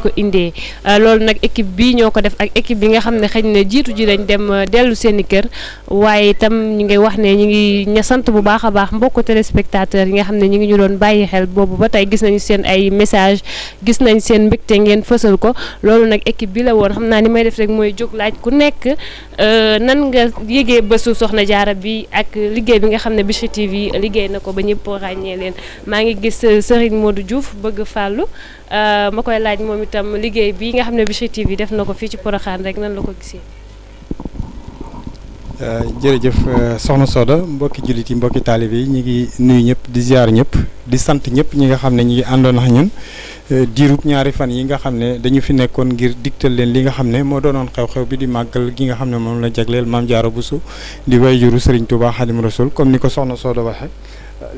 ko indee euh, loolu nag équipe bi ñoo ko def ak équipe bi nga xam ne xëy ne jiitu ji dañ dem euh, dellu seen i kër waaye itam ñu nga wax ne ñu ngi ña sant bu baax a baax mbokku téléspectateurs yi nga xam ne ñu ngi ñu doon bàyyi xel boobu ba tey gis nañu seen ay message gis nañ seen mbégte ngeen fësal ko loolu nag équipe bi la woon xam naa ni may def rek mooy jóg laaj ku nekk euh, nan nga yëgee bésu soxna jaara bi ak liggéey bi nga xam ne Bichri yi liggéey na ko ba ñëpp ràññee leen maa ngi gis Serigne Modou Diouf bëgg fàllu Euh, ma koy laaj moom itam liggéey bi nga xam ne Bichri TV def na ko fii ci Porokhane rek nan la ko gisee. Euh, jërëjëf euh, soxna Soda mbokki jullit yi mbokki taalibe yi ñu ngi nuyu ñëpp di ziar ñëpp di sant ñëpp ñi nga xam ne ñu ngi àndoon ak ñun diirub ñaari fan yi nga xam ne dañu fi nekkoon ngir digtal leen li nga xam ne moo doonoon xew bi di màggal gi nga xam ne moom la jagleel maam Jaara Buso di wayjuru Serigne Touba Xadim Rasul comme ni ko soxna Soda waxee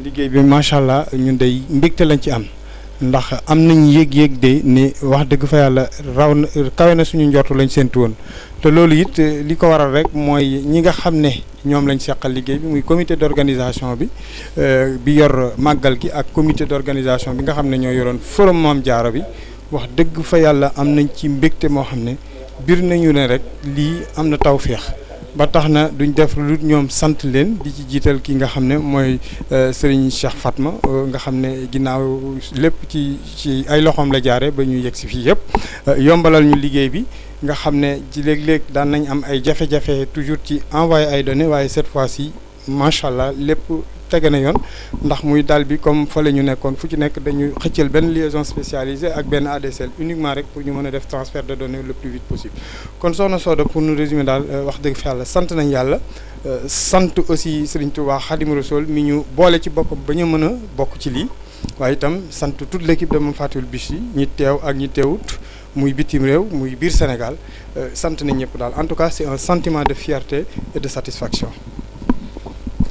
liggéey bi macha allah ñun day mbégte lañ ci am. ndax am nañ yéeg-yéeg de ni wax dëgg fa yàlla raw na kawe na suñu njortu lañ séntu woon te loolu it eh, li ko waral rek mooy ñi nga xam ne ñoom lañ seqal liggéey bi muy comité d'organisation bi eh, bi yor màggal gi ak comité d'organisation bi nga xam ne ñoo yoroon forum Maam Jaara bi wax dëgg fa yàlla am nañ ci mbégte moo xam ne bir nañu ne rek lii am na tawféex ba tax na duñ def lu ñoom sant leen di ci jiital ki nga xam ne mooy euh, sëriñ Cheikh Fatma euh, nga xam ne ginnaaw lépp ci ci ay loxoom la jaare ba ñu yegg si fii yëpp euh, yombalal ñu liggéey bi nga xam ne ci léeg-léeg daan nañ am ay jafe-jafe toujours ci envoyé ay données waaye cette fois-ci macha allah lépp. tege na yoon ndax muy dal bi comme fa la ñu nekkoon fu ci nekk dañuy xëccal benn liaison spécialisée ak benn ADSL uniquement rek pour ñu mën a def transfert de données le plus vite possible kon soxna Soda pour nous résumer daal euh, wax dëgg fa yàlla sant nañ yàlla euh, sant aussi Serigne Touba Khadim Rassoul mi ñu boole ci boppam ba ñu mën a bokk ci lii waaye itam sant tout l'équipe de Mame Fatul Bichri ñi teew ak ñi teewut muy bitim réew muy biir Sénégal euh, sant nañ ñëpp daal en tout cas c'est un sentiment de fierté et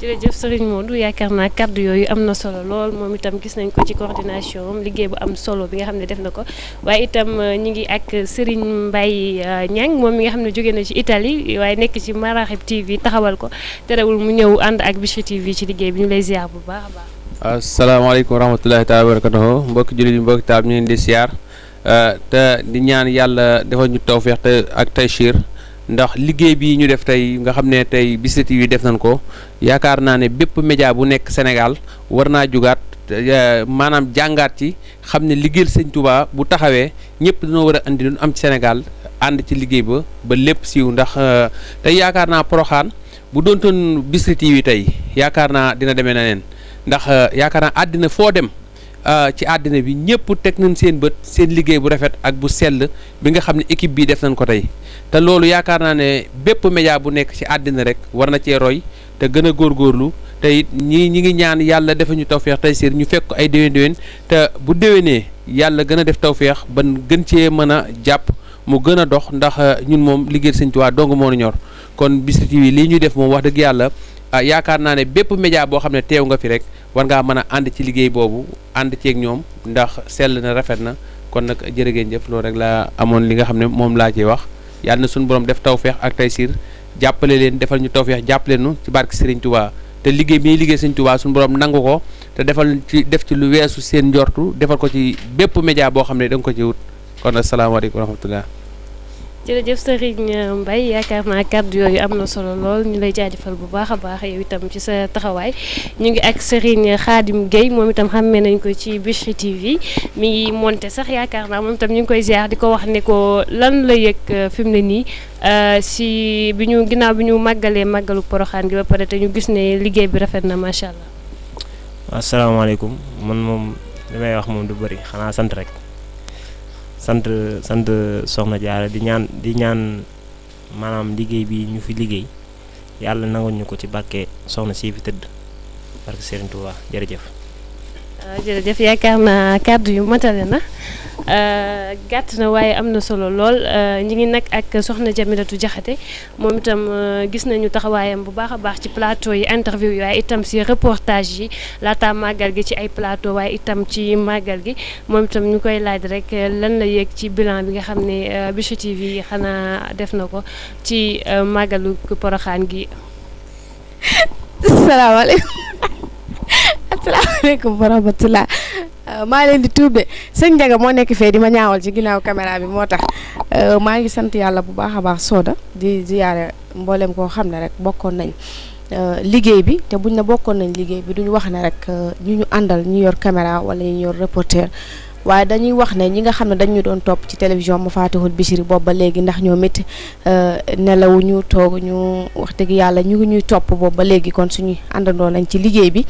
jërëjëf Serigne Modou yaakaar naa kàddu yooyu am na solo lool moom itam gis nañ ko ci coordination liggéey bu am solo bi nga xam ne def na ko waaye itam euh, ñu ngi ak Serigne Mbaye euh, Niang moom mi nga xam ne jóge na ci itali waaye nekk ci Maraxib TV taxawal ko terewul mu ñëw ànd ak Bichri TV ci liggéey bi ñu lay ziar bu baax a baax. asalaamaaleykum wa rahmatulahi taala wa barakatuhu mbokki jullit yi mbokki taab ñu leen di ziar euh, te di ñaan yàlla defal ñu tawfeex te ak ndax liggéey bi ñu def tey nga xam ne tey Bichri TV def nañ ko yaakaar naa ne bépp média bu nekk Sénégal war naa jugaat euh, maanaam jàngaat ci xam ne liggéeyal sëñ Touba bu taxawee ñëpp dañoo war a indi lu am ci Sénégal ànd ci liggéey ba ba lépp siiw ndax euh, tey yaakaar naa Poroxaan bu doontoon Bichri TV tey yaakaar naa dina demee na neen ndax euh, yaakaar naa àddina foo dem Euh, ci àddina bi ñëpp teg nañ seen bët seen liggéey bu rafet ak bu sell bi nga xam ne équipe bii def nañ ko tey te loolu yaakaar naa ne bépp média bu nekk ci àddina rek war na cee roy te gën a góorgóorlu te it ñii ñi ngi ñaan yàlla defa ñu tawféex tey séer ñu fekk ay déwén déwén te bu déwénee yàlla gën a def tawféex ban gën cee mën a jàpp mu gën a dox ndax euh, ñun moom liggéey Sëñ Tuubaa dong moo nu ñor kon lii ñuy def moom wax dëgg yàlla euh, yaakaar naa ne bépp média boo xam ne teew nga fi rek war ngaa mën a ànd ci liggéey boobu ànd ceek ñoom ndax sell na rafet na kon nag jërë ngeen jëf loolu rek laa amoon li nga xam ne moom laa ciy wax yàlla na suñu borom def tawfeex ak taysiir jàppale leen defal ñu tawfeex jàppale nu ci barke Serigne Touba te liggéey bi liggéey Serigne Touba suñu borom nangu ko te defal ci def ci lu weesu seen njortu defal ko ci bépp média boo xam ne danga ko ci wut kon asalaamaaleykum wa rahmatullah jërëjëf Serigne mbay yaakaar naa kàddu yooyu am na solo lool ñu lay jaajëfal bu baax a baax yow itam ci sa taxawaay ñu ngi ak Serigne Khadim géey moom itam xàmmee nañ ko ci Bichri TV mi ngi monté sax yaakaar naa moom itam ñu ngi koy ziar di ko wax ne ko lan la yëg euh, fi mu ne nii euh, si bi ñu ginnaaw bi ñu màggalee màggalu poroxaan gi ba te ñu gis ne liggéey bi rafet na macha allah. asalaamaaleykum man moom li wax moom du bëri xanaa sant rek. sant sant soxna jaara di ñaan di ñaan maanaam liggéey bi ñu fi liggéey yàlla nangul ñu ko ci barke soxna sii tëdd barke Serigne Touba jërëjëf Euh, jërëjëf yaakaar na kàddu yu matale na euh, gàtt na waaye am na solo lool euh, ñi ngi nag ak soxna Jamilatu Jaxate moom itam gis nañu taxawaayam bu baax a baax ci plateau yi interview yi waaye itam si reportage yi laata màggal gi ci ay plateau waaye itam ci màggal gi moom itam ñu koy laaj rek lan la yéeg ci bilan bi nga xam ne Bichri TV xanaa def na ko ci màggalu Poroxaan gi. salaamaaleykum. asalaamaaleykum wa rahmatulah euh, maa leen di tuub de sëñ Ndiaga moo nekk fee di ma ñaawal ci ginnaaw caméra bi moo tax euh, maa ngi sant yàlla bu baax a baax sooda di ziyaare mboolem koo xam ne rek bokkoon nañ euh, liggéey bi te buñ na bokkoon nañ liggéey bi duñu wax ne rek ñu ñu àndal ñu yor caméra wala ñu yor reporter. waaye dañuy wax ne ñi nga xam ne dañu doon topp ci télévision mu faatihul Bichri boobu ba léegi ndax ñoom it euh, nelawuñu ñu wax dëgg yàlla ñu ngi ñuy topp boobu ba léegi kon suñu àndandoo nañ ci liggéey bi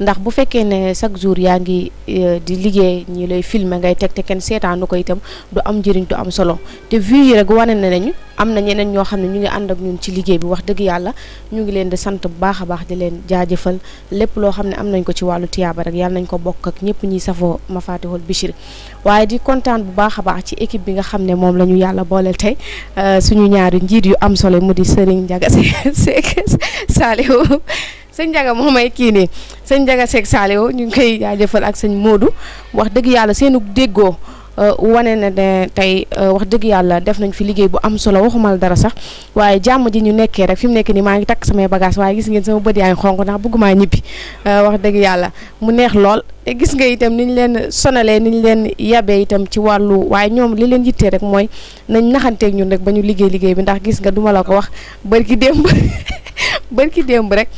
ndax bu fekkee ne chaque jour yaa ngi euh, di liggéey ñi lay filmer ngay teg te kenn seetaanu ko itam du am njëriñ du am solo te vues yi rek wane nañu. am na ñeneen ñoo xam ne ñu ngi ànd ak ñun ci liggéey bi wax dëgg yàlla ñu ngi leen di sant bu baax a baax di leen jaajëfal lépp loo xam ne am nañ ko ci wàllu tiyaaba rek yàlla nañ ko bokk ak ñëpp ñiy safoo Mafatihul Bichri waaye di kontaan bu baax a baax ci équipe bi nga xam ne moom la ñu yàlla booleel tey euh, suñu ñaari njiit yu am solo mu di Serigne Ndiaga Seck Saliou sëñ Ndiaga moo may kii nii sëñ Ndiaga Seck Saliou ñu ngi koy jaajëfal ak sëñ Modou wax dëgg yàlla seenu déggoo Euh, wane na ne tey euh, wax dëgg yàlla def nañ fi liggéey bu am solo waxumal dara sax waaye jàmm ji ñu nekkee rek fi mu nekk ni maa ngi takk samay bagage waaye gis ngeen sama bët yaa ngi xonk ndax bëggumaa ñibbi euh, wax dëgg yàlla mu neex lool gis nga itam ni ñu leen sonalee ni ñu leen yabee itam ci wàllu waaye ñoom li leen yittee rek mooy nañ naxanteeg ñun rek ba ñu liggéey liggéey bi ndax gis nga duma la ko wax bërki démb bërki démb rek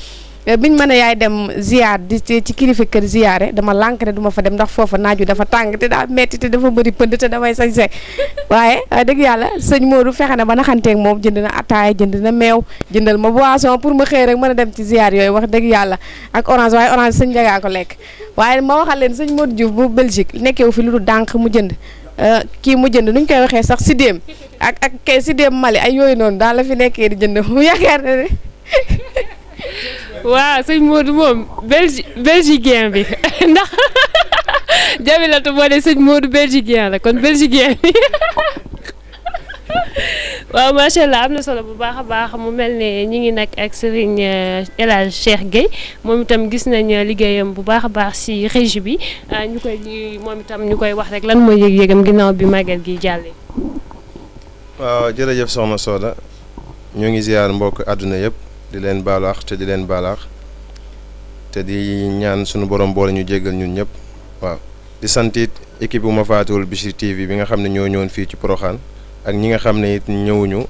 Eh, biñ mën a yaay dem ziar di ci kilifa kër ziare dama lànk ne duma fa dem ndax foofa naaju dafa tàng te daa metti te dafa bëri pënd te damay sañ-sañ waaye dëgg yàlla sëñ Modou fexe na ba naxanteeg moom jënd na ataaya jënd na meew jëndal ma boisson pour ma xëy rek mën a dem ci ziar yooyu wax dëgg yàlla ak orange waaye orange sëñ njagaa ko lekk waaye ma waxal leen sëñ Modou Diouf bu Belgique nekkewu fi lu dul dànq mu jënd eh, kii mu jënd nuñ koy waxee sax sidéem ak ak sidéem Mali ay yooyu noonu daal la fi nekkee di jënd mu yaakaar waaw sëñ Modou moom belgi belgien bi ndax Jamilatu moo ne sëñ Modou belgien la kon belgien bi waaw macha allah am na solo bu baax a baax mu mel ne ñu ngi nag ak Serigne euh, El Hadj Cheikh Gueye moom itam gis nañ euh, liggéeyam bu baax a baax si régie bi euh, ñu koy moom ñu koy wax rek lan mooy yëg-yëgam ginnaaw bi màggal gi jàlle waaw jërëjëf soxna Soda ñoo ngi ziar mbokk àdduna yëpp. di leen balaax te di leen balaax te di ñaan sunu borom boole ñu jéggal ñun ñëpp waaw di sant it équipe bu ma faatuwul Bichri TV bi nga xam ne ñoo ñëwoon fii ci Poroxaan ak ñi nga xam ne it ñëwuñu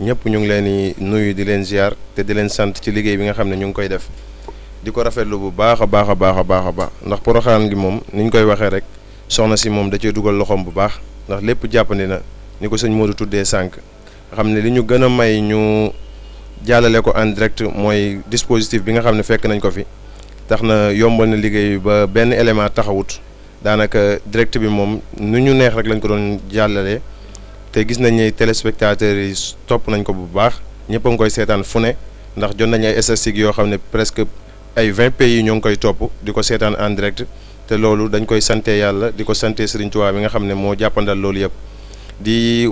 ñëpp ñu ngi leen di nuyu di leen ziar te di leen sant ci liggéey bi nga xam ne ñu ngi koy def di ko rafetlu bu baax a baax a baax a baax a baax ndax Poroxaan gi moom ni ñu koy waxee rek soxna si moom da cee dugal loxoom bu baax ndax lépp jàppandi na ni ko sëñ Modou tuddee sànq nga xam ne li ñu gën a may ñu. jàllale ko en mooy dispositif bi nga xam ne fekk nañ ko fi tax na yombal na liggéey ba benn élément taxawut daanaka direct bi moom nu ñu neex rek lañ ko doon jàllale te gis nañ ne téléspectateurs yi topp nañ ko bu baax ñëpp a ngi koy seetaan fu ne ndax jot nañ ay statistiques yoo xam ne presque ay vingt pays ñoo ngi koy topp di ko seetaan endirect te loolu dañ koy sante yàlla di ko sante Serigne Touba bi nga xam ne moo jàppandal loolu yëpp di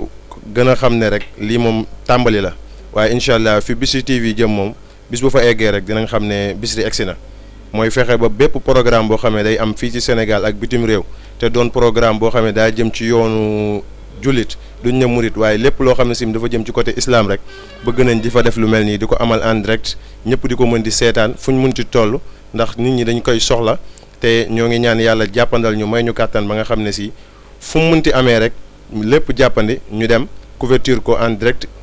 gën a xam ne rek lii moom tàmbali la. waaye incha allah fi Bichri TV jëm moom bis bu fa eggee rek dinañ xam ne Bichri egsi na mooy fexe ba bépp programme boo xam ne day am fii ci Sénégal ak bitim réew te doon programme boo xam ne daa jëm ci yoonu jullit duñ ne murit waaye lépp loo xam ne sim dafa jëm ci côté islam rek bëgg nañ di fa def lu mel nii di ko amal en direct ñëpp di ko mën di seetaan fu ñu munti toll ndax nit ñi dañ koy soxla te ñoo ngi ñaan yàlla jàppandal ñu may ñu kàttan ba nga xam ne si fu mu munti amee rek lépp jàppandi ñu dem couverture ko en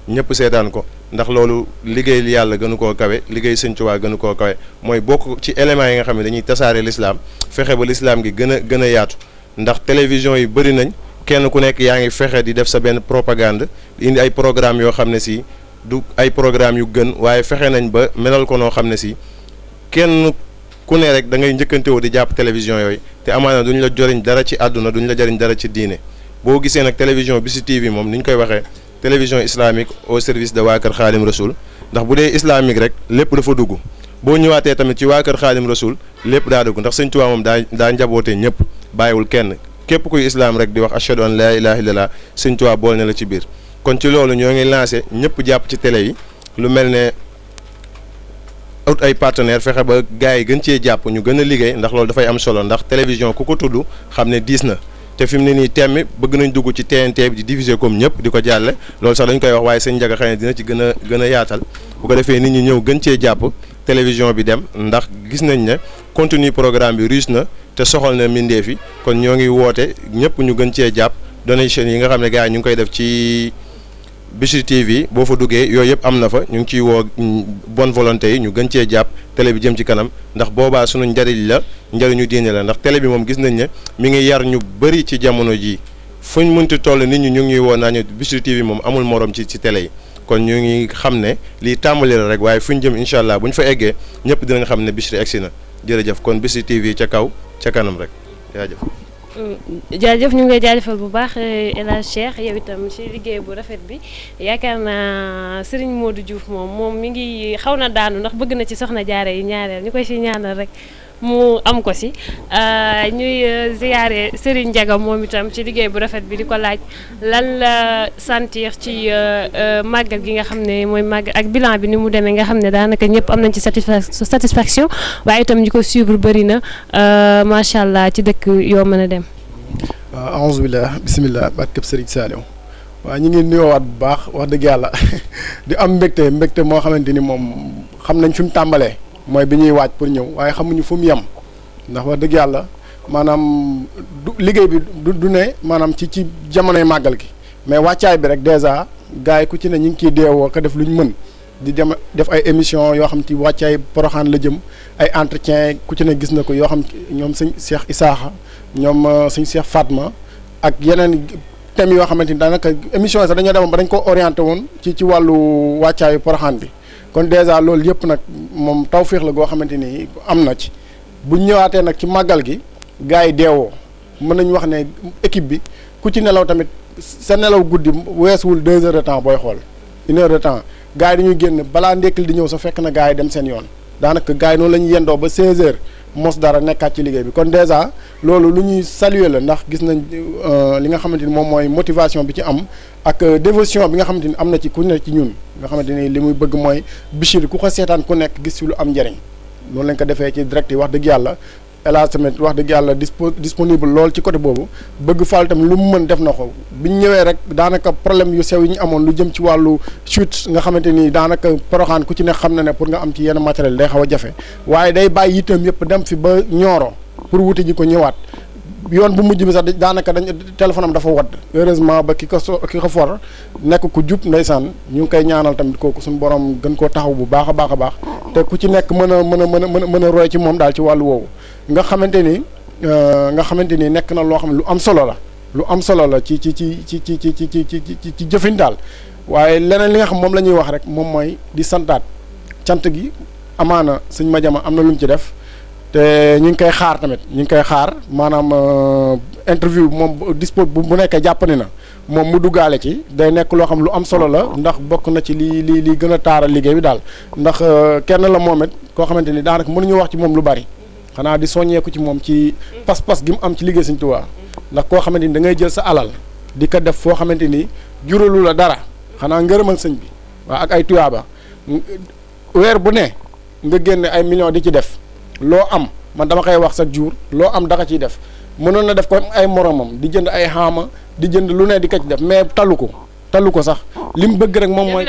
ñëpp seetaan ko ndax loolu liggéey yàlla gënu koo kawe liggéey sëñ waa gënu koo kawe mooy bokk ci éléments yi nga xam ne dañuy tasaare lislaam fexe ba lislaam gi gën a gën a yaatu ndax télévision yi bëri nañ kenn ku nekk yaa ngi fexe di def sa benn propagande indi ay programme yoo xam ne si du ay programme yu gën waaye fexe nañ ba melal ko noo xam ne si kenn ku ne rek da ngay njëkkantewoo di jàpp télévision yooyu te amaana duñu la joriñ dara ci àdduna duñu la jëriñ dara ci diine boo gisee nag télévision bi si TV moom ni ñu koy waxee télévision islamique o service de waa kër xaalim rasul ndax bu dee islamique rek lépp dafa dugg boo ñëwaatee tamit ci waa kër xaalim rasul lépp daa dugg ndax sëñ Tuubaa moom daa daa njabootee ñëpp bàyyiwul kenn képp kuy islaam rek di wax ashhadu an laa ilaaha illallaah sëñ bool ne na la ci biir kon ci loolu ñoo ngi lancé ñëpp jàpp ci télé yi lu mel ne ut ay partenaire fexe ba gars yi gën cee jàpp ñu gën a liggéey ndax loolu dafay am solo ndax télévision ku ko tudd xam ne na te fi mu ne nii thème bi bëgg nañ dugg ci TNT bi di diffuser comme ñëpp di ko jàlle lool sax dañ koy wax waaye sëñ Ndiaga xëy na dina ci gën a gën a yaatal bu ko defee nit ñi ñëw gën cee jàpp télévision bi dem ndax gis nañ ne contenu programme bi riche na te soxal na mbindeef yi kon ñoo ngi woote ñëpp ñu gën cee jàpp donation yi nga xam ne gars yi ñu ngi koy def ci. Bichri TV boo fa duggee yooyu yëpp am na fa ñu ngi ciy woo mm, bon volonté yi ñu gën cee jàpp tele bi jëm ci kanam ndax boobaa sunu njariñ la njariñu diine la ndax tele bi moom gis nañ ne mi ngi yar ñu bëri ci jamono jii fuñ mënti toll nit ñi ñu ngi ñuy woo naa ñu Bichri TV moom amul moroom ci ci télé yi kon ñu ngi xam ne lii tàmbali la rek waaye fu ñu jëm incha allah bu ñu fa eggee ñëpp dinañ xam ne Bichri egsi na jërëjëf kon Bichri TV ca kaw ca kanam rek jaajëf Euh, jaajëf ñu ngi lay jaajëfal bu baax euh, El Hadj yow itam ci liggéey bu rafet bi yaakaar naa Serigne Modou Diouf moom moom mi ngi xaw na daanu ndax bëgg na ci soxna jaare yi ñaareel ñu koy ci ñaanal rek. mu am ko si euh, ñuy euh, ziyaare Serigne Ndiaga moom itam ci liggéey bu rafet bi di ko laaj lan la sentir ci euh, màggal gi nga xam ne mooy màggal ak bilan bi ni mu demee nga xam ne daanaka ñëpp am nañ ci satisfaction waaye itam ñu ko suivre bëri na macha allah ci dëkk yoo mën a dem. waaw aouzu billah bismillah barkab Serigne Saliou waaw ñu ngi nuyoowaat bu baax wax dëgg yàlla di am mbégte mbégte moo xamante ni moom xam nañ fi mu tàmbalee. mooy bi ñuy waaj pour ñëw waaye xamuñu fu mu yem ndax wax dëgg yàlla maanaam du liggéey bi du du ne maanaam ci ci jamonoy màggal gi mais wàccaay bi rek dèjà gars yi ku ci ne ñu ngi ciy deewoo ko def lu ñu mën di dem def ay émission yoo xam ci wàccaay poroxaan la jëm ay entretien ku ci ne gis na ko yoo xam ci ñoom sëñ Cheikh Isaaxa ñoom euh, sëñ Cheikh Fatma ak yeneen thèmes yoo xamante ni daanaka émission yi sax dañoo demoon ba dañ ko orienté woon ci ci wàllu wàccaayu poroxaan bi kon dèjà loolu yëpp nag moom tawféex la goo xamante ni am na ci bu ñëwaatee nag ci màggal gi gars yi deewoo mën nañu wax ne équipe bi ku ci nelaw tamit sa nelaw guddi weesuwul deux heures de temps booy xool une heure de temps gars yi dañuy génn balaa ndekkil di ñëw sa fekk na gars yi dem seen yoon daanaka gars yi noonu la yendoo ba seize heures mos dara nekkaat ci liggéey bi kon déjà loolu lu ñuy saluer la ndax gis nañ euh, li nga xamante ni moom mooy motivation bi ci am ak euh, dévotion bi nga xamante ni am na ci ku ne ci ñun nga xamante ni li muy bëgg mooy Bichri ku ko seetaan ku nekk gis ci lu am njëriñ loolu lañ ko defee ci direct yi wax dëgg yàlla Elhadj tamit wax dëgg yàlla dispo disponible lool ci côté boobu bëgg faal tamit lu mu mën def na ko bi ñu ñëwee rek daanaka problème yu sew yi ñu amoon lu jëm ci wàllu chute nga xamante ni daanaka poroxaan ku ci ne xam na ne pour nga am ci yenn matériel day xaw a jafe waaye day bàyyi itam yëpp dem fi ba Nioro pour wuti ji ko ñëwaat. yoon bu mujj bi sax daanaka dañ téléphone am dafa wadd heureusement ba ki ko so for nekk ku jub saan ñu ngi koy ñaanal tamit kooku suñu borom gën taxaw bu baax a baax baax te ku ci nekk mën a mën a mën a mën a roy ci moom daal ci wàllu woowu nga xamante ni nga xamante ni nekk na loo xam lu am solo la lu am solo la ci ci ci ci ci ci ci ci ci jëfin daal waaye leneen li nga xam moom la ñuy wax rek moom mooy di santaat cant gi amaana sëñ Madiama am na lu ci def te ñu ngi koy xaar tamit ñu ngi koy xaar maanaam interview moom dispo bu nekkee jàppandi na moom mu duggaale ci day nekk loo xam lu am solo la ndax bokk na ci li li li gën a taaral liggéey bi daal ndax kenn la moom koo xamante ni daanaka mënuñu wax ci moom lu bari. xanaa di soññeeku ci moom ci pas-pas gi mu am ci liggéey Sëñ Tuubaa ndax koo xamante ni da jël sa alal di ko def foo xamante ni juralu la dara xanaa ngërëmal sëñ bi waaw ak ay tuyaaba weer bu ne nga génne ay millions di ci def loo am man dama koy wax sa jour loo am daka ciy def mënoon na def ko ay moromam di jënd ay xaama di jënd lu ne di ko ci def mais talu ko talu ko sax li mu bëgg rek moom mooy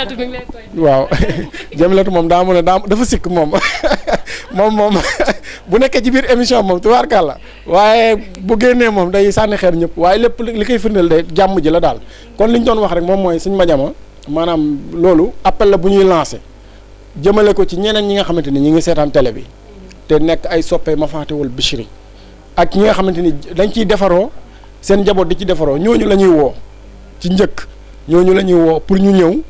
waaw jamilatu moom daa mën a daa dafa sikk moom moom moom bu nekkee ci biir émission moom tubaarkàlla waaye bu génnee moom day sànni xeer ñëpp waaye lépp li koy firndeel day jàmm ji la daal kon li ñu doon wax rek moom mooy suñ majama maanaam loolu appel la bu ñuy lancé jëmale ko ci ñeneen ñi nga xamante ni ñi ngi seetaan tele bi te nekk ay soppe ma faatewul Bichri ak ñi nga xamante ni dañ ciy defaroo seen njaboot di ci defaroo ñooñu la ñuy woo ci njëkk ñooñu la ñuy woo pour ñu ñëw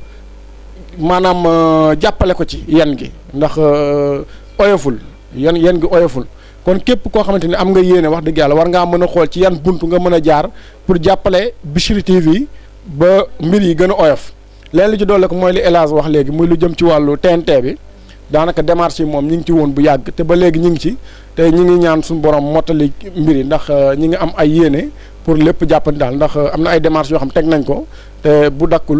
maanaam euh, jàppale ko ci yan gi ndax euh, oyoful yen yan gi oyoful kon képp koo xamante ni am nga yéene wax dëgg yàlla war ngaa mën a xool ci yan bunt nga mën a jaar pour jàppale Bichri TV ba mbir yi gën a oyof leen lu ci doole ko mooy li élage wax léegi muy lu jëm ci wàllu TNT bi daanaka démarche yi moom ñi ngi ci woon bu yàgg te ba léegi ñi ngi ci te ñi ngi ñaan suñu borom mottali mbir yi ndax euh, ñi ngi am ay yéene pour lépp jàppandi daal ndax am na ay démarches yoo xam teg nañ ko te bu dakkul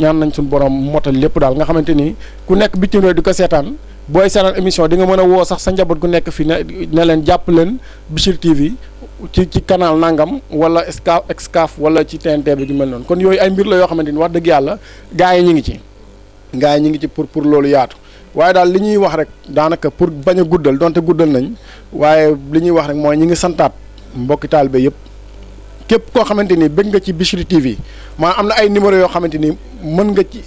ñaan nañ suñu borom motal lépp daal nga xamante ni ku nekk bitim réew di ko seetaan booy seetaan émission di nga mën a woo sax sa njaboot ku nekk fi ne ne leen jàpp leen Bichri TV ci ci canal nangam wala Excaf Excaf wala ci TNT bi gi mel noonu kon yooyu ay mbir la yoo xamante ni wax dëgg yàlla gaa yi ñu ngi ci gaa yi ñu ngi ci pour pour loolu yaatu waaye daal li ñuy wax rek daanaka pour bañ a guddal donte guddal nañ waaye li ñuy wax rek mooy ñi ngi santaat mbokki taalibe yëpp. képp koo xamante ni bëgg nga ci Bichri TV maanaam am na ay numéro yoo xamante ni mën nga ci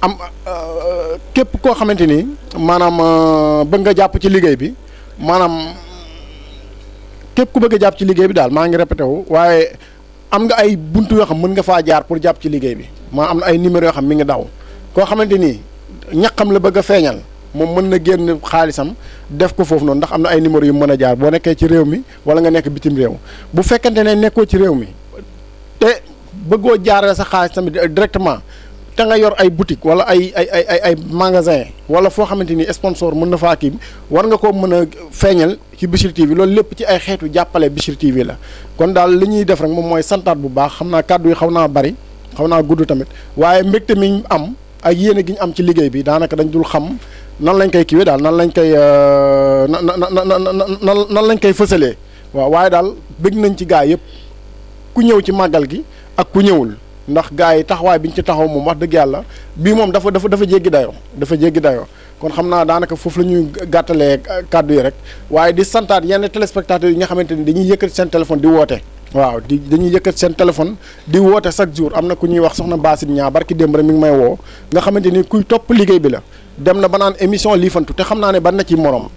am euh, képp koo xamante ni maanaam euh, bëgg nga jàpp ci liggéey bi maanaam képp ku bëgg jàpp ci liggéey bi daal maa ngi répété wu waaye am nga ay buntu yoo xam mën nga faa jaar pour jàpp ci liggéey bi maa am na ay numéro yoo xam mi ngi daw koo xamante ni ñaqam la bëgg a feeñal moom mën na génn xaalisam def ko foofu noonu ndax am na ay numéro yu mën a jaar boo nekkee ci réew mi wala nga nekk bitim réew bu fekkante ne nekkoo ci réew mi te bëggoo jaarale sa xaalis tamit directement te nga yor ay boutique wala ay ay ay ay ay magasin wala foo xamante ni sponsor mën na faa kii war nga koo mën a feeñal ci Bichri TV loolu lépp ci ay xeetu jàppale Bichri TV la kon daal li ñuy def rek moom mooy santaat bu baax xam naa kàddu yi xaw naa bari xaw naa gudd tamit waaye mbégte mi am ak yéene gi am ci liggéey bi daanaka dañ dul xam nan lañ koy kiiwee daal nan lañ koy euh, nan nan nan lañ koy fësalee waaw waaye daal bëgg nañ ci gaa yëpp ku ñëw ci màggal gi ak ku ñëwul ndax gaa yi taxawaay bi ñu ci taxaw moom wax dëgg yàlla bii moom dafa dafa dafa jéggi dayoo dafa jéggi dayoo kon xam naa daanaka foofu la ñuy gàttalee kàddu yi rek waaye di santaat yenn téléspectateurs yi nga xamante ni dañuy yëkkati seen téléphone di woote. waaw di dañuy yëkkat seen téléphone di woote chaque jour am na ku ñuy wax soxna Bassin ñaa barki démb rek mi ngi may woo nga xamante ni kuy topp liggéey bi la dem na ba naan émission liifantu te xam naa ne ban na ci morom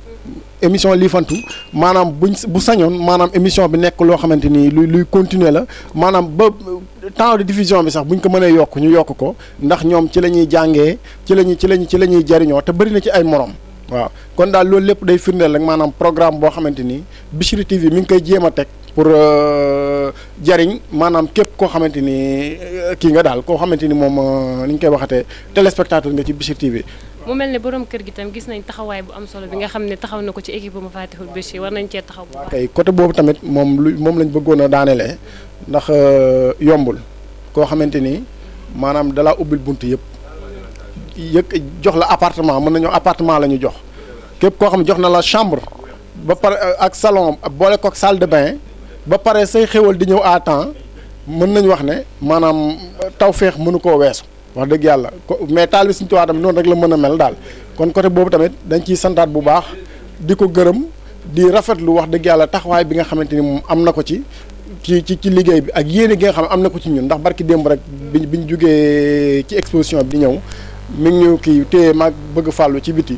émission liifantu maanaam buñ bu sañoon maanaam émission bi nekk loo xamante ni luy luy continuer la maanaam ba temps de diffusion bi sax bu ñu ko mënee yokk ñu yokk ko ndax ñoom ci la ñuy jàngee ci la ñuy ci lañu ci la ñuy jariñoo te bëri na ci ay morom waaw kon daal loolu lépp day firndeel rek maanaam programme boo xamante ni Bichri mi ngi koy jéem a teg pour euh, jariñ maanaam képp koo xamante ni euh, kii nga daal koo xamante ni moom euh, ni ñu koy waxatee téléspectateur nga ci Bichri TV. mu mel ne borom kër gi tam gis nañ taxawaay bu am solo bi nga xam ne taxaw na ko ci équipe bu Mafatihul Bichri war nañ cee taxaw. waaw kay côté boobu tamit moom lu moom lañ bëggoon a daanelee ndax yombul koo xamante ni maanaam dalaa ubbil bunt yëpp yëg jox la appartement mën nañoo appartement la ñu jox képp koo xam jox na la chambre ba pare ak salon boole ko ak de bain. ba pare say xéwal di ñëw à temps mën nañ wax ne maanaam tawféex mënu koo weesu wax dëgg yàlla ko mais taal bi suñu tuwaa tamit rek la mën a mel daal kon boobu tamit dañ ciy santaat bu baax di ko gërëm di rafetlu wax dëgg yàlla taxawaay bi nga xamante ni moom am na ko ci ci ci ci liggéey bi ak yéene gi nga xam ne am na ko ci ñun ndax barki démb rek bi bi ñu jógee ci exposition bi di ñëw mi ngi ñëw kii te mag bëgg fàllu ci biti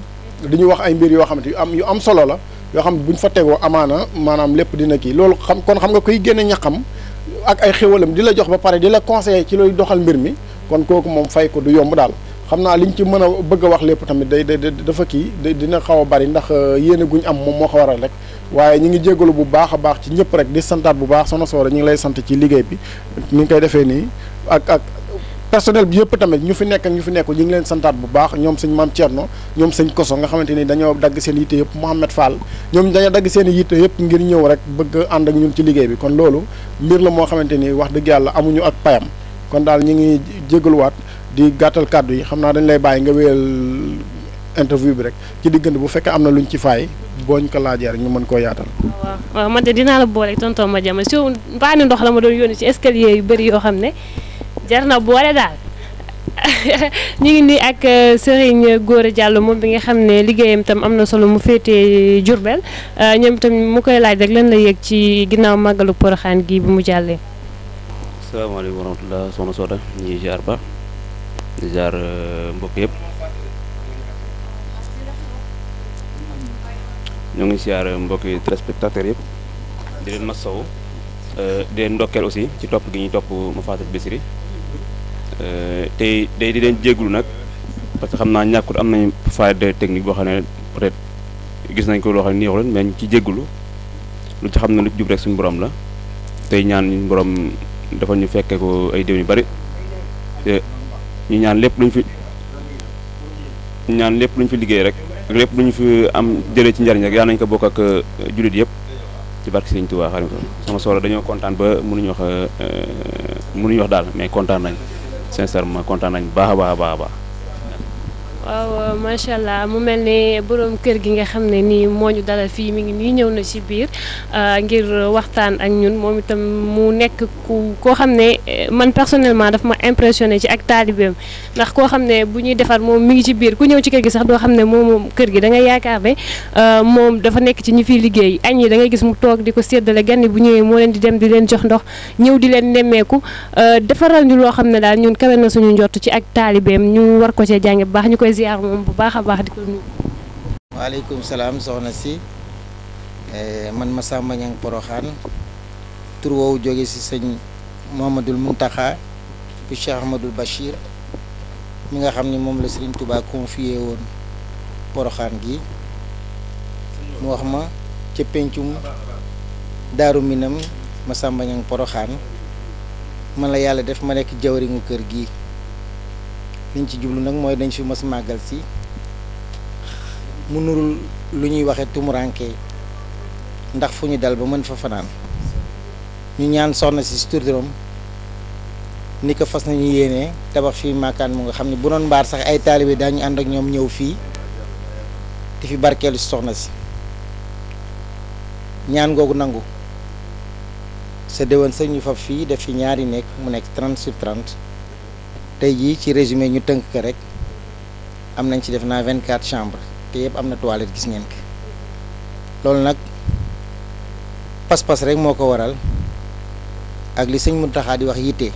di ñu wax ay mbir yoo xamante yu am yu am solo la yoo xam ne bu ñu fa tegoo amaana maanaam lépp dina kii loolu xam kon xam nga kuy génne ñaxam ak ay xéwalam di la jox ba pare di la conseiller ci looy doxal mbir mi kon kooku moom fay ko du yomb daal xam naa li ñu ci mën a bëgg a wax lépp tamit day day dafa kii dina xaw a bari ndax euh, yéene guñ am moom moo ko waral rek waaye ñi ngi jégalu bu baax a baax ci ñëpp rek di santaat bu baax soxna Soore ñu ngi lay sant ci liggéey bi ni ngi koy defee nii ak ak personnel bi yëpp tamit ñu fi nekk ak ñu fi nekkul ñu ngi leen santaat bu baax ñoom sëñ maam Thierno ñoom sëñ Koso nga xamante ni dañoo dagg seen yitte yëpp Mouhamed Fall ñoom dañoo dagg seen yitte yëpp ngir ñëw rek bëgg ànd ak ñun ci liggéey bi kon loolu mbir la moo xamante ni wax dëgg yàlla amuñu ak payam kon daal ñu ngi jégaluwaat di gàttal kàddu yi xam naa dañ lay bàyyi nga wéyal interview bi rek ci diggante bu fekkee am na luñ ci faay boo ñu ko laajee rek ñu mën koo yaatal. waaw waaw man de dinaa la boole tonton Madiame si paani ndox la jar na boole daal ñu ngi nii ak euh, Serigne Gora Diallo moom bi nga xam ne liggéeyam tam am na solo mu féetee Diourbel euh, ñoom itam mu koy laaj rek lan la yéeg ci ginnaaw màggalu Poroxaan gi bi mu jàllee. asalaamaaleykum wa rahmatulah soxna Soda ñuy ziar euh, mbokk yëpp. ñoo ngi siyaar mbokki téléspectateurs yëpp di leen masawu di leen ndokkeel aussi ci topp gi ñu topp ma faatal Bichri Euh, tey day di leen jégglu nag parce que xam naa ñàkkut am nañu de technique boo xam ne peut être gis nañ ko loo xam ne neexu leen mais ñu ci jégglu lu ci xam ne lu jub rek suñu borom la tey ñaan ñu borom dafa ñu fekkee ko ay déwén yu bari ñu ñaan lépp luñ fi ñu ñaan lépp luñ fi liggéey rek lépp lu ñu fi am jëlee ci njariñ rek yaa nañ ko bokk ak euh, jullit yëpp ci barke Sëriñ Tuubaa xarim sama solo dañoo kontaan ba mënuñu wax euh, mënuñu wax daal mais kontaan nañ sincèrement kontaan nañ baax a baax a baax a waaw macha allah mu mel ni borom kër gi nga xam ne nii moo ñu dalal fii mi ngi nii ñëw na ci biir ah, ngir waxtaan ak ñun moom itam mu nekk ku koo xam ne eh, man personnellement dafa ma impressionné ci ak taalibeem ndax koo xam ne bu ñuy defar moom mi ngi ci biir ku ñëw ci kër gi sax doo xam ne moom kër gi da yaakaar ne ah, moom dafa nekk ci ñi fiy liggéey añ yi da ngay gis mu toog di ko séddale gan bu ñëwee moo leen di dem di leen jox ndox ñëw di leen nemmeeku ah, defaral ñu loo xam ne daal ñun kawe na suñu njort ci ak taalibeem ñu war ko cee jànge bu baax ñu koy ziar moom bu baax a baax di ko nuyu. waaleykum salaam soxna si eh, man Massamba Niang Porokhane tur woowu jóge si sëñ Mouhamadul Mountakha bu Cheikh Ahmadul Bachir mi nga xam ni moom la Serigne tubaa confié woon Porokhane gi mu wax ma ca pencum daaru minam Massamba Niang Porokhane man la yàlla def ma nekk jawriñu kër gi. liñ ci jublu nag mooy dañ fi mas màggal si mu nurul lu ñuy waxee tumuranke ndax fu ñu dal ba mën fa fanaan ñu ñaan soxna si si ni ko fas nañu yéenee tabax fii maakaan mu nga xam ne bu doon mbaar sax ay daa ñu ànd ak ñoom ñëw fii te fi barkeelu si soxna si ñaan googu nangu sa déwén sa ñu fa fii def ñaari nekk mu nekk 30 sur 30 tey jii ci résumé ñu tënk ko rek am nañ ci def naa vingt quatre chambres te yëpp am na toilette gis ngeen ko loolu nag pas-pas rek moo ko waral ak li sëñ Mountakha di wax yitte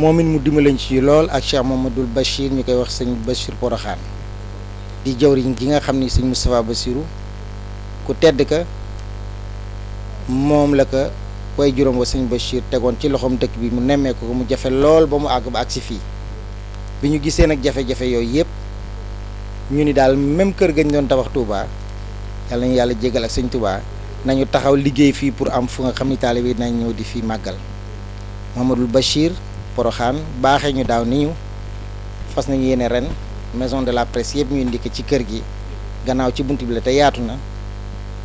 moom it mu dimbalañ ci lool ak Cheikh Mamadou Bachir ñu koy wax sëñ Bachir Porokhane di jawriñ gi nga xam ni sëñ Moustapha Bassirou ku tedd ka moom la ko. way juróom wa sëñ Bachir tegoon ci loxoom dëkk bi mu nemmeeku ko mu jafe lool ba mu àgg ba àgg si fii bi ñu gisee nag jafe-jafe yooyu yëpp ñu ni daal même kër gañ doon tabax Touba yàlla nañu yàlla jégal ak sëñ nañu taxaw liggéey fii pour am fu nga xam ni taalibe yi nañ ñëw di fi màggal Mamadou Bachir Poroxaan baaxee ñu daaw ni ñu fas nañu yéene ren maison de la presse yëpp ñu indi ci kër gi gannaaw ci bunt bi la te yaatu na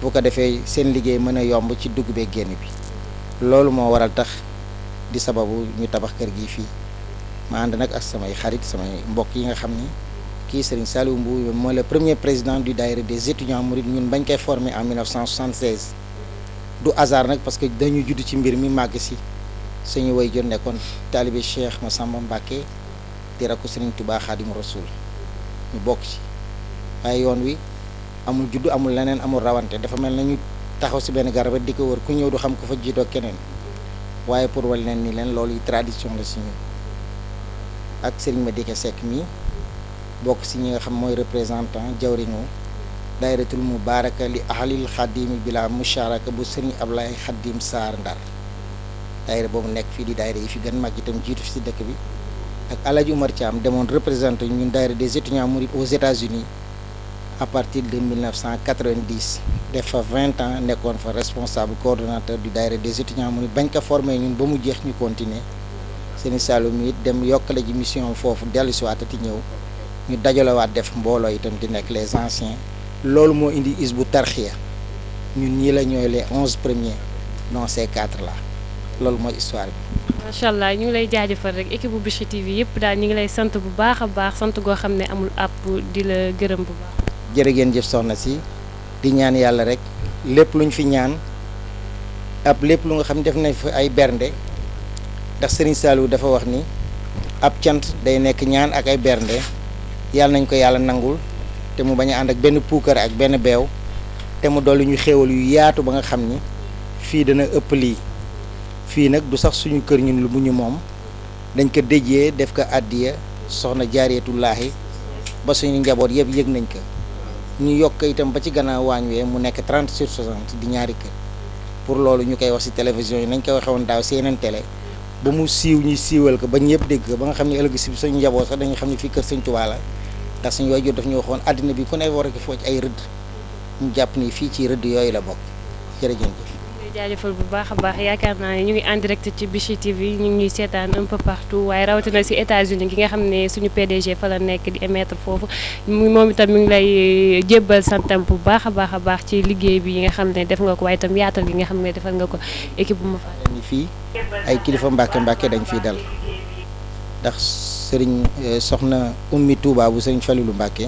boo ko defee seen liggéey mën a yomb ci dugg bee génn bi loolu moo waral tax di sababu ñu tabax kër gi fii ma ànd nag ak samay xarit samay mbokk yi nga xam ni kii Serigne Saliou Mbuy mooy le premier président du daayira des étudiants mourides ñun bañ koy formé en 1976 du hasard nag parce que dañu juddu ci mbir mi màgg si suñu way jot nekkoon taalibe Cheikh Massamba Mbacké di rakku Serigne Touba Khadim Rasoul ñu bokk ci waaye yoon wi amul juddu amul leneen amul rawante dafa mel nañu taxaw si benn garab di ko wër ku ñëw du xam ko fa jiitoo keneen waaye pour wal leen ni leen loolu tradition la si ñun ak Serigne Madické Seck mi bokk si ñi nga xam mooy représentant jawriñu daayratul mubaaraka li ahlil xadimi bila musharaka bu Serigne Ablaye Xadim Saar Ndar daayra boobu nekk fii di daayra yi fi gën mag itam jiitu si dëkk bi ak El Hadj Umar Thiam demoon représenté ñun daayra des étudiants mourides aux États-Unis à partir de 1990 def fa vingt ans nekkoon fa responsable coordonnateur du daayira des étudiants mu ni bañ ko formé ñun ba mu jeex ñu continuer seeni Saloum it dem yokkale ji mission foofu dellusiwaatati ñëw ñu dajalewaat def mbooloo itam di nekk les anciens loolu moo indi is bu tarxiya ñun ñii la ñooy les onze premiers dans ces quatre la loolu mooy histoire bi. macha allah ñu ngi lay jaajëfal rek équipe bu Bichri TV yëpp daal ñu ngi lay sant bu baax a baax sant goo xam ne amul àpp di la gërëm bu jërë ngeen jëf soxna si di ñaan yàlla rek lépp lu luñ fi ñaan ab lépp lu nga xam def nañ fi ay bernde ndax Serigne Saliou dafa wax ni ab cant day nekk ñaan ak ay bernde yàlla nañ ko yàlla nangul te mu bañ a ànd ak benn puukar ak benn beew te mu dolli ñu xéewal yu yaatu ba nga xam ni fii dana ëpp lii fii nag du sax suñu kër ñun mu ñu moom dañ ko déjee def ko àddiya soxna jaariyatullaahi ba suñu njaboot yëpp yëg nañ ko ñu yokk itam ba ci gannaaw waañ wee mu nekk 30 sur 60 di ñaari kër pour loolu ñu koy wax si télévision yi nañ koy waxee woon daaw seeneen télé ba mu siiw ñi siiwal ko ba ñëpp dégg ko ba nga xam ne ëllëg si suñu njaboot sax dañu xam ne fii kër Sëñ Tuubaa la ndax suñu waajur daf ñu waxoon àddina bi ku ne war a ko fooj ay rëdd ñu jàpp ni fii ci rëdd yooyu la bokk jërëjëf. jaajëfal bu baax a baax yaakaar naa ne ñu ngi en direct ci Bichri TV ñu ngi ñuy seetaan un peu partout waaye rawatina si États-Unis gi nga xam ne suñu PDG fa la nekk di émettre foofu moom itam mu ngi lay eh, jébbal santam bu baax a baax a baax ci liggéey bi yi nga xam ne def nga ko waaye tam yaatal gi nga xam ne defal nga ko équipe bu ma fa fii ay kilifa Mbàkke Mbàkke dañ fii dal ndax sëriñ eh, soxna ummi Touba bu sëriñ lu Mbàkke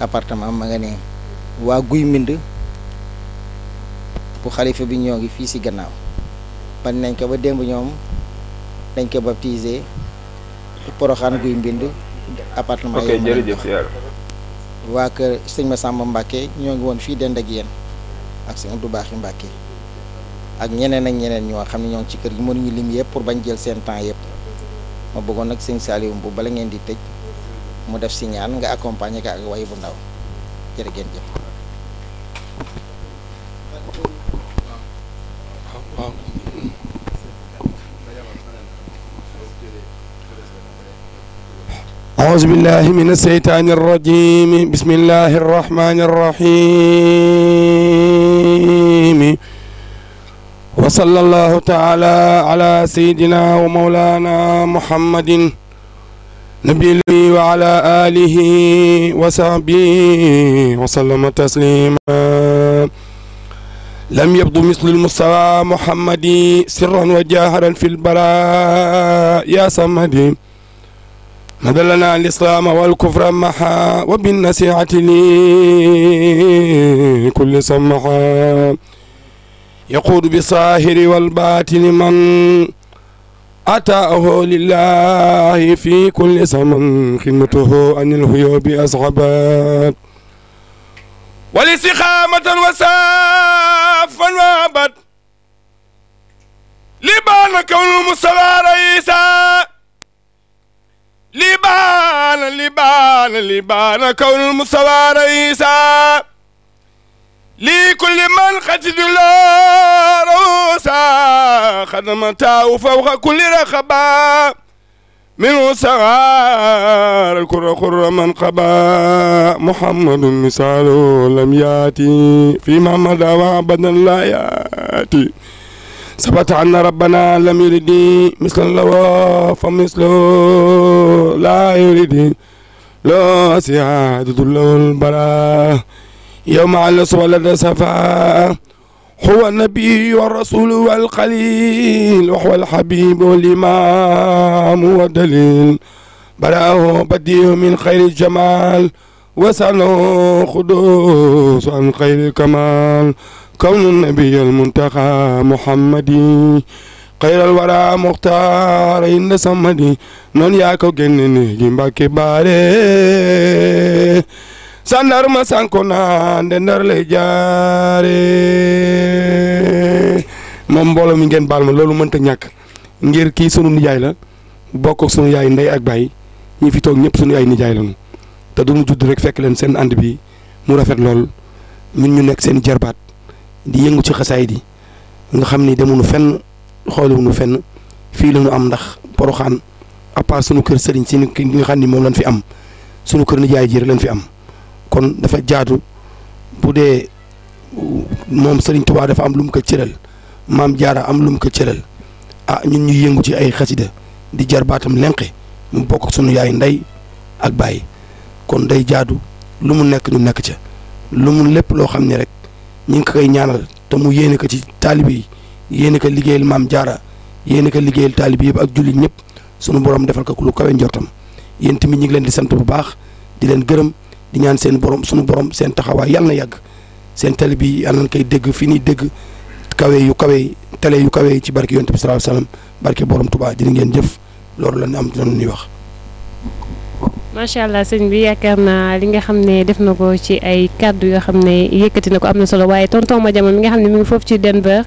appartement ma nga ne waa guy mbind bu xalifa bi ñoo ngi fii si gannaaw bañ nañ ko ba démb ñoom dañ ko baptisé poroxaan guy mbind appartement ok jërëjëf waa kër sëñ ma Massamba Mbacke ñoo ngi woon fii dend ak yéen ak sëñ Abdou Bakhi Mbacke ak ñeneen ak ñeneen ñoo xam ne ñoo ngi ci kër gi mënuñu lim yëpp pour bañ jël seen temps yëpp ma bëggoon nag sëñ Saliou bu bala ngeen di tëj mu def si ñaan nga accompagner ko ak bu ndaw jërë ngeen jëf waaw أعوذ بالله من الشيطان الرجيم بسم الله الرحمن الرحيم وصلى الله تعالى على سيدنا ومولانا محمد نبي وعلى آله وصحبه وسلم تسليما لم يبدو مثل المصطفى محمد سرا وجاهرا في البلاء يا صمد مدلنا الإسلام والكفر محا وبالنسيعة لي كل سمحا يقود بالصاهر والباطن من أتاه لله في كل زمن خدمته عن الهيوب أصحابات wal istixaamatan wa saafan wa abad li baana kawnul mustafa raisa li baana li baana li baana kawnul mustafa raisa li kulli man xatidilo rawsa xadama taawu fawqa kulli raxaba منه سغار الكر قر من قبا محمد مثاله لم ياتي فيما مضى وابدا لا ياتي ثبت أن ربنا لم يرد مثل الله فمثله لا يرد لا سعادة له البراء يوم على صولة صفا هو النبي والرسول والخليل وهو الحبيب والإمام والدليل براه بديع من خير الجمال وسأله خدوس عن خير الكمال كون النبي المنتقى محمدي xayra alwara muxtaar inda samadi noon yaa ko génne ne gi mbàkke baare sandarma sanko na nde ndar lay jaare moom mbooloo mi ngeen baal ma loolu mënta ñàkk ngir kii sunu nijaay la bokk sunu yaay ndey ak baay ñu fi toog ñëpp sunu yaay nijaay lañu te du mu judd rek fekk leen seen ànd bi mu rafet lool ñun ñu nekk seen jarbaat di yëngu ci xasaay di nga xam ni demu nu fenn xooluwuñu fenn fii la ñu am ndax poroxaan à part sunu kër sëriñ si nga xam ni moom lañ fi am sunu kër nijaay ji rek lañ fi am. kon dafa jaadu bu dee moom sëriñ Touba dafa am lu mu ko cëral maam jaara am lu mu ko cëral a ah ñu ñu yëngu ci ay xasida di jarbaatam baatam lenqe mu bokk sunu yaay ndey ak bàyyi kon day jaadu lu mu nekk ñu nekk ca lu mu lépp loo xam ne rek ñu ngi koy ñaanal te mu yéene ko ci taalibe yi yéene ko liggéeyal maam jaara yéene ko liggéeyal taalibe yëpp ak jullit ñëpp sunu borom defal ko lu kawe njortam yéen tamit ñu ngi leen di sant bu baax di leen gërëm. ñaan seen borom suñu borom seen taxawaay yàlla na yàgg seen télé bi yàlla na koy dégg fi ñuy dégg kawe yu kawe télé yu kawee ci barke yonent bi sallallahu alayhi wasallam barke borom tubaab dina ngeen jëf loolu la ñu am dinañu wax. macha allah sëñ bi yaakaar naa li nga xam ne def na ko ci ay kàddu yoo xam ne yëkkati na ko am na solo waaye tonton Madiama mi nga xam ne mi ngi foofu ci Denver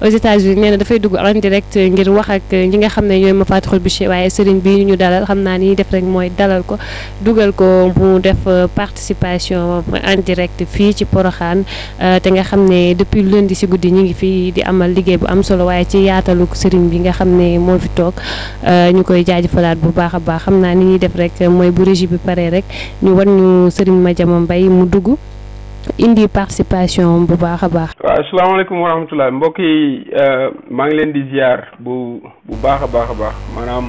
aux États-Unis nee dafay dugg en ngir wax ak ñi nga xam ne ñooy Mafatihul Bichri waaye sëriñ bi ñu dalal xam naa ni def rek mooy dalal ko dugal ko mu def participation en direct fii ci Poroxaan euh, te nga xam ne depuis lundi si guddi ñu ngi fii di amal liggéey bu am solo waaye ci yaatalu sëriñ bi nga xam ne moo fi toog euh, ñu koy jaajëfalaat bu baax a baax xam naa ni ñuy def rek mooy régie bi paree rek ñu wan ñu Serigne Madiama Mbaye mu dugg indi participation bu baax a baax. waaw asalaamaaleykum wa rahmatulah mbokk yi euh, maa ngi leen di ziar bu bu baax a baax a baax maanaam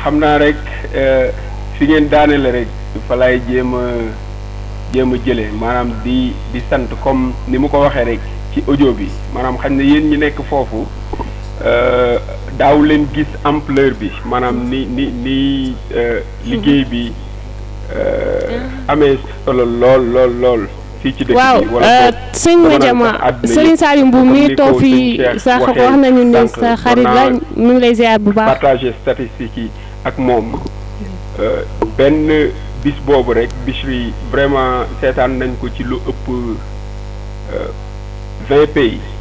xam naa rek euh, fi ngeen daanele rek fa laay jéem a jéem a jëlee maanaam di di sant comme ni mu ko waxee rek ci audio bi maanaam xam ne yéen ñi nekk foofu. Euh, daaw leen gis ampleur bi maanaam ni ni ni euh, liggéey bi euh, amee solo lool lool lool. waaw sëñ Madiama Serigne Saliou Mbow mi toog fii sax wax nañu ni sa xarit la mu ngi lay ziar bu baax. partager statistiques yi ak moom benn bis boobu rek Bichri vraiment seetaan nañ ko ci lu ëpp vingt pays.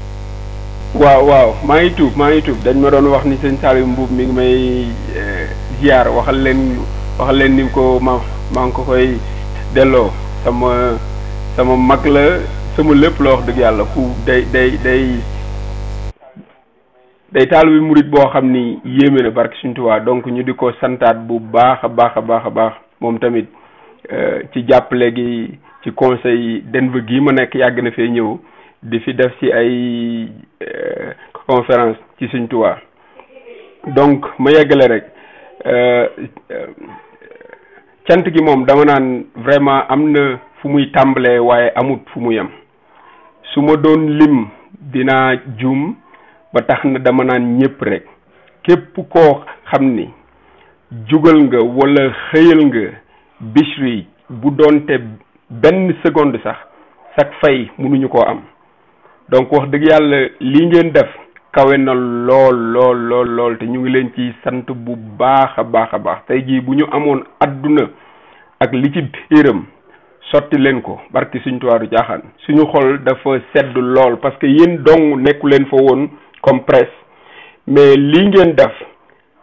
waaw waaw maa ngi tuub maa ngi tuub dañ ma doon wax ni sëñ Saliou Mbuub mi ngi may eh, ziar waxal leen waxal leen ni ko ma maa ngi ko koy delloo sama sama mag la sama lépp la wax dëgg yàlla ku day day day day taalibe murit boo xam ni yéeme na barke Sëñ Tuubaa donc ñu di ko santaat bu baax a baax a baax a baax moom tamit eh, ci jàppale gi ci conseil den ba gii ma nekk yàgg na fee ñëw di fi def ci ay euh, conférence ci Sëñ Tuubaa donc ma yeggale rek euh, cant gi moom dama naan vraiment am na fu muy tàmbalee waaye amut fu mu yem su ma doon lim dinaa juum ba tax na dama naan ñépp rek képp koo xam ni jógal nga walla xëyal nga Bichri bu doonte benn seconde sax sak fay mënuñu koo am donc wax dëgg yàlla lii ngeen def kawe na lool lool lool lool te ñu ngi leen ci sant bu baax a baax a baax tey jii bu ñu amoon adduna ak li ci biiram sotti leen ko barki suñ tuwaaru caaxaan suñu xol dafa sedd lool parce que yéen dong nekku leen fa woon comme presse mais lii ngeen def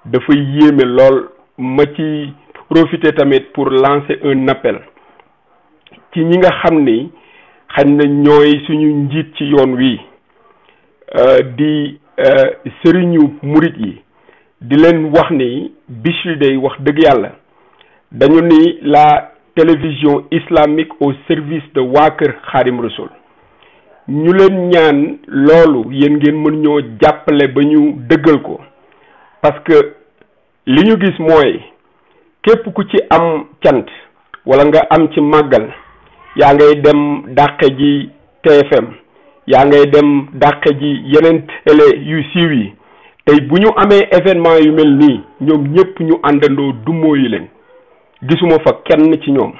dafa yéeme lool ma ci profiter tamit pour lancer un appel ci ñi nga xam ni xañ na ñooy suñu njiit ci yoon wi euh, di euh, sëriñu murit yi di leen wax ni Bichri day wax dëgg yàlla dañu ni la télévision islamique au service de waa kër Xaadim Rasul ñu leen ñaan loolu yéen ngeen mën ñoo jàppale ba ñu dëggal ko parce que li ñu gis mooy képp ku ci am cant walla nga am ci màggal yaa ngay dem dàqe ji TFM yaa ngay dem dàqe ji yeneen télé yu siiw yi tey bu ñu amee événement yu mel nii ñoom ñëpp ñu àndandoo dummoo yi leen gisuma fa kenn ci ñoom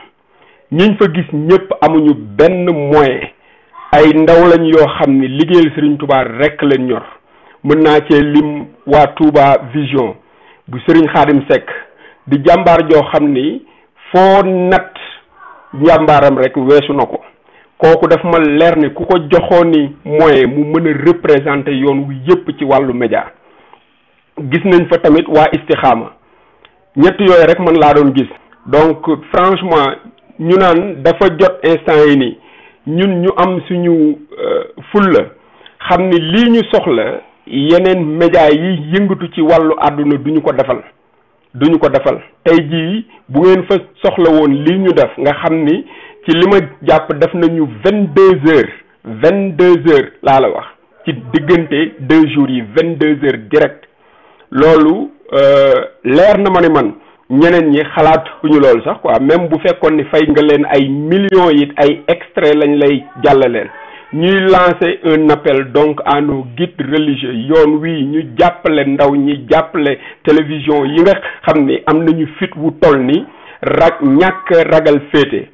ñiñ fa gis ñëpp amuñu benn moyen ay ndaw lañ yoo xam ni liggéeyal Serigne Touba rekk leen ñor mën naa cee lim waa tuuba Vision bu Serigne Khadim Seck di jàmbaar joo xam ni foo nat njàmbaaram rek weesu na ko kooku daf ma leer ni ku ko joxoon ni moyen mu mën a représenter yoon wi yépp ci wàllu média gis nañ fa tamit waa istixaama ñetti yooyu rek man laa doon gis donc franchement ñu naan dafa jot instant yi nii ñun ñu am suñu euh, fulla xam ni lii ñu soxla yeneen média yi yëngatu ci wàllu àdduna duñu ko defal duñu ko defal tey jii bu ngeen fa soxla woon lii ñu def nga xam ni ci li ma jàpp def nañu vingt deux heures vingt deux heures laa la wax ci diggante deux jours yi vingt deux heures direct loolu euh, leer na ma ne man ñeneen ñi xalaat xalaatuñu loolu sax quoi même bu fekkoon ni fay nga leen ay millions it ay extrait lañ lay leen ñuy lancer un appel donc à nos guides yoon wii ñu jàppale ndaw ñi jàppale télévision yi nga xam ni am nañu fit wu toll ni rag ñàkk ragal féete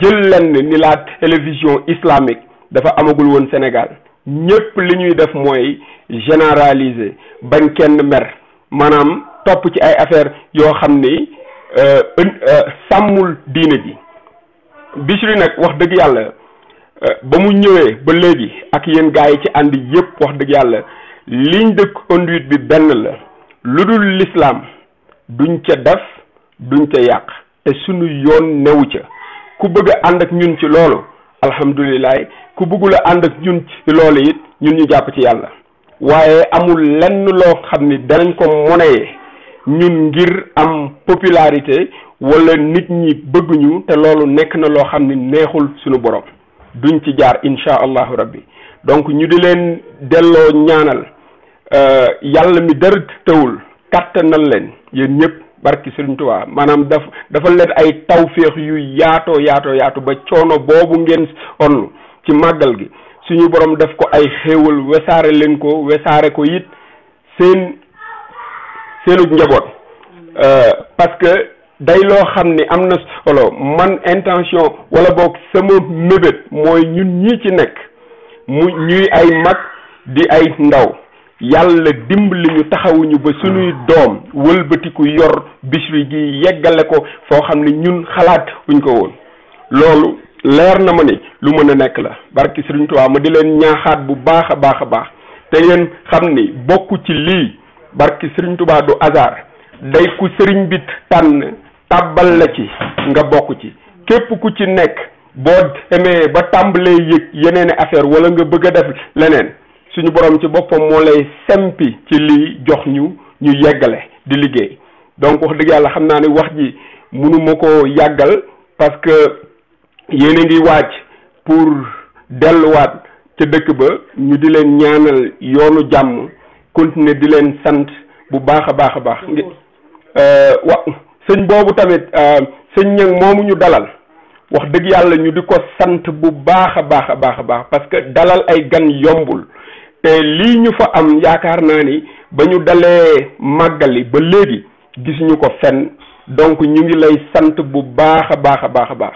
jël lenn ni la télévision islamique dafa amagul woon Sénégal ñëpp li ñuy def mooy généraliser bañ kenn mer maanaam topp ci ay affaire yoo xam ni euh, euh, sàmmul diine ji Bichri nag wax dëgg yàlla Euh, ba mu ñëwee ba léegi ak yéen gars yi ci ànd yépp wax dëgg yàlla ligne de conduite bi benn la lu dul lislaam duñ ca def duñ ca yàq te sunu yoon newu ca ku bëgg ànd ak ñun ci loolu alhamdulilah ku bëggul ànd ak ñun ci loolu it ñun ñu jàpp ci yàlla waaye amul lenn loo xam ni danañ ko moneyee ñun ngir am popularité wala nit ñi bëgguñu te loolu nekk na loo xam ni neexul sunu borom. duñ ci jaar insha allahu rabbi donc ñu di leen delloo ñaanal euh, yàlla mi dara tëwul kàttanal leen yéen ñëpp barki Sëriñ Tuubaa maanaam daf dafa leen ay tawféex yu yaatoo yaatoo yaatu ba coono boobu ngeen onn ci màggal gi suñu borom daf ko ay xéewal wesaare leen ko wesaare ko yit seen seenu njaboot euh, parce day loo xam ni am na solo man intention wala boog sama mébét mooy ñun ñi ci nekk mu ñuy ay mag di ay ndaw yàlla dimbali ñu taxawuñu ba suñuy hmm. doom wëlbatiku yor Bichri gi yeggale ko foo xam ni ñun xalaat wuñ ko woon loolu leer na ma ni lu mën a nekk la barki Sëriñ Tuubaa ma di leen ñaaxaat bu baax a baax a baax te ngeen xam ni bokk ci lii barki Sëriñ tubaa du hasard day ku sëriñ bi tànn tàbbal la ci nga bokk ci képp ku ci nekk boo demee ba tàmbalee yëg yeneen affaire wala nga bëgg a def leneen suñu borom ci boppam moo lay sempi ci li jox ñu ñu yeggale di liggéey donc wax dëgg yàlla xam naa ni wax ji mënuma ko yàggal parce que yéen a ngi waaj pour delluwaat ca dëkk ba ñu di leen ñaanal yoonu jàmm continuer di leen sant bu baax a baax a baax. Euh, wa sëñ boobu tamit euh, sëñ ñëng moomu ñu dalal wax dëgg yàlla ñu di ko sant bu baax a baax a baax a baax parce que dalal ay gan yombul te lii ñu fa am yaakaar naa ni ba ñu dalee màggali ba léegi gisuñu ko fenn donc ñu ngi lay sant bu baax a baax a baax a baax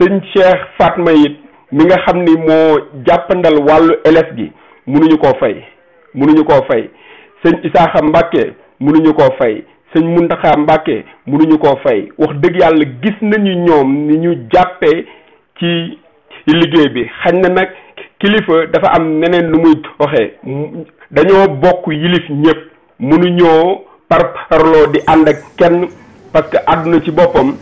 sëñ Cheikh Fatma it mi nga xam ni moo jàppandal wàllu élève gi mënuñu koo fay mënuñu koo fay sëñ Isaaxa Mbàkke mënuñu koo fay sëñ Muntaxa Mbàkke mënuñu koo fay wax dëgg yàlla gis nañu ñoom ni ñu jàppee ci liggéey bi xañ na nag kilifa dafa am meneen lu muy waxee dañoo bokk yilif ñëpp mënuñoo par parloo di ànd ak kenn parce que àdduna ci boppam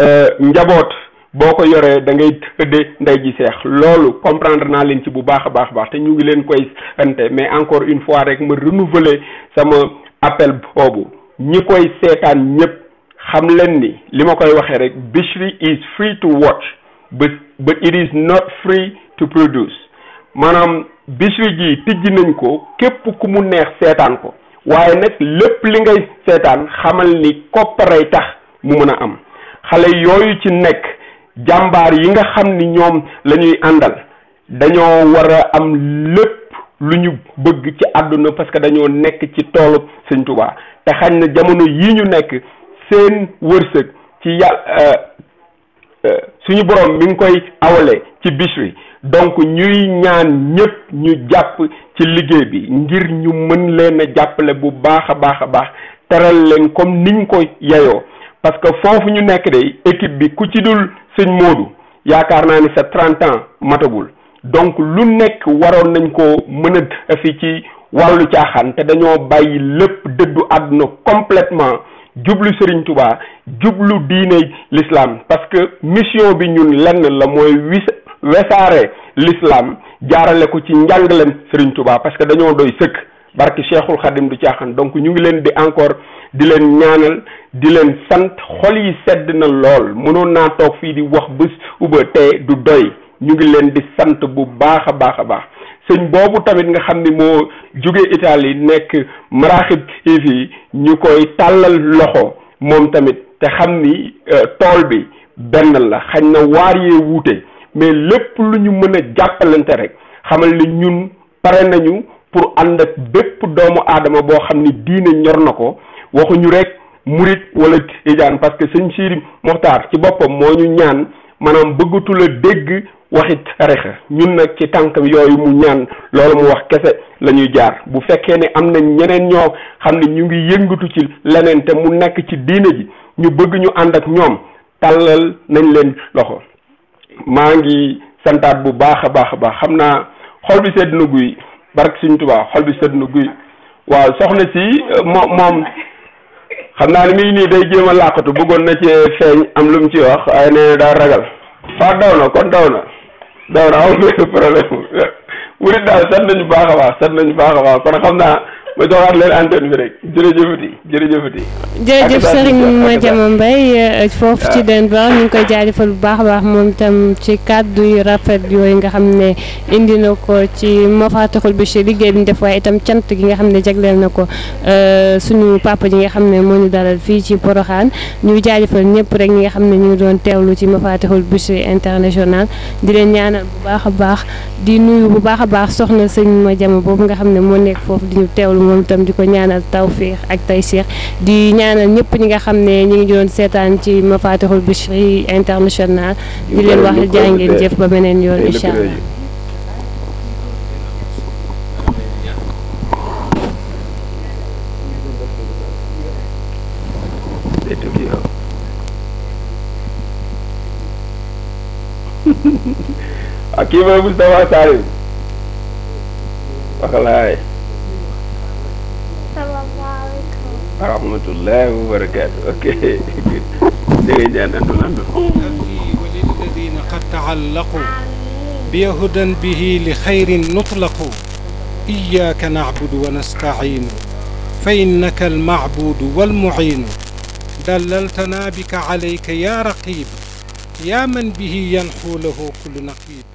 euh, njaboot boo ko yoree da ngay tëdde ndey ji seex loolu comprendre naa leen ci bu baax a baax baax te ñu ngi leen koy sante mais encore une fois rek ma renouveler sama appel boobu ñi koy seetaan ñëpp xam leen ni li ma koy waxee rek Bichri is free to watch but but it is not free to produce maanaam Bichri ji tijji nañ ko képp ku mu neex seetaan ko waaye nag lépp li ngay seetaan xamal ni kopparay tax mu mën a am xale yooyu ci nekk jàmbaar yi nga xam ni ñoom lañuy ñuy àndal dañoo war a am lépp lu ñu bëgg ci àdduna parce que dañoo nekk ci toolu sëñ Tuubaa te xañ na jamono yi ñu nekk seen wërsëg ci yàlla euh, euh, suñu borom mi nga koy awale ci bis wi donc ñuy ñaan ñëpp ñu jàpp ci liggéey bi ngir ñu mën leen a jàppale bu baax a baax a baax teral leen comme niñ ko yeyoo parce que foofu ñu nekk de équipe bi ku ci dul sëñ Moodu yaakaar naa ni sa 30 matagul donc lu nekk waroon nañ ko mën a fi ci wàllu caaxaan te dañoo bàyyi lépp dëddu àdduna complètement jublu Serigne Touba jublu diine lislaam parce que mission bi ñun lenn la mooy wis wesaare l'islam jaarale ko ci leen Serigne tubaa parce que dañoo doy sëkk barki Cheikhul Khadim du caaxaan donc ñu ngi leen di encore di leen ñaanal di leen sant xol yi sedd na lool mënoon naa toog fii di wax bés uba te du doy ñu ngi leen di sant bu baax a baax a baax sëñ boobu tamit nga xam ni moo jóge Italie nekk Maraxib TV ñu koy tàllal loxo moom tamit te xam ni euh, tool bi benn la xañ na waar yee wuute mais lépp lu ñu mën a jàppalante rek xamal ni ñun pare nañu pour ànd ak bépp doomu aadama boo xam ni diine ñor na ko waxuñu rek murit wala tijaan parce que sëñ Siiri Moxtaar ci boppam moo ñu ñaan maanaam bëggatula dégg waxi tarixa ñun nag ci tànkam yooyu mu ñaan loolu mu wax kese la ñuy jaar bu fekkee ni am na ñeneen ñoo xam ne ñu ngi yëngatu ci leneen te mu nekk ci diine ji ñu bëgg ñu ànd ak ñoom tàllal nañ leen loxo maa ngi santaat bu baax a baax a baax xam naa xol bi sedd na guy barke Sëriñ Tuubaa xol bi sedd na guy waaw soxna si euh, moom moom xam naa ni muy nii day jéem a làqatu bëggoon na ci feeñ am lu mu ci wax waaye nee na daa ragal faa daw na kon daw na daaw naa amul benn problème murid daal sant nañu baax a baax na ñu baax a baax kon xam naa ma joxaat leen antenne bi rek jërëjëfati jërëjëfati. jërëjëf Serigne Madiama Mbaye euh, foofu ci ah. Denver ñu ngi koy jaajëfal bu baax a baax moom itam ci kàddu yu rafet yooyu nga xam ne indi na ko ci Mafatihul Bichri liggéey bi ñu def waaye itam cant gi nga xam ne jagleel na ko euh, suñu papa ji nga xam ne moo ñu dalal fii ci Porokhane ñu jaajëfal ñëpp rek ñi nga xam ne ñu doon teewlu ci Mafatihul Bichri international di leen ñaanal bu baax a baax di nuyu bu baax a baax soxna ma Madiama boobu nga xam ne moo nekk foofu di ñu teewlu moom itam di ko ñaanal tawfiix ak taysiir di ñaanal ñëpp ñi nga xam ne ñu ngi doon seetaan ci mafatihul bichri international di leen wax jàngeen jëf ba beneen yoon incha allah Aqui vai Mustafa Salim. Wallahi. rahmatullahi wa barakaatu ok dégg nga ñaan andu andu walilladina qad taallaqu biyahudan bihi li xayrin nutlaqu iyaaka nacbudu wa nastaciinu fa innaka almacbuudu walmuciinu dalaltanaa bika calayka yaa raqiib yaa man bihi yanxuu lahu kullu naqiib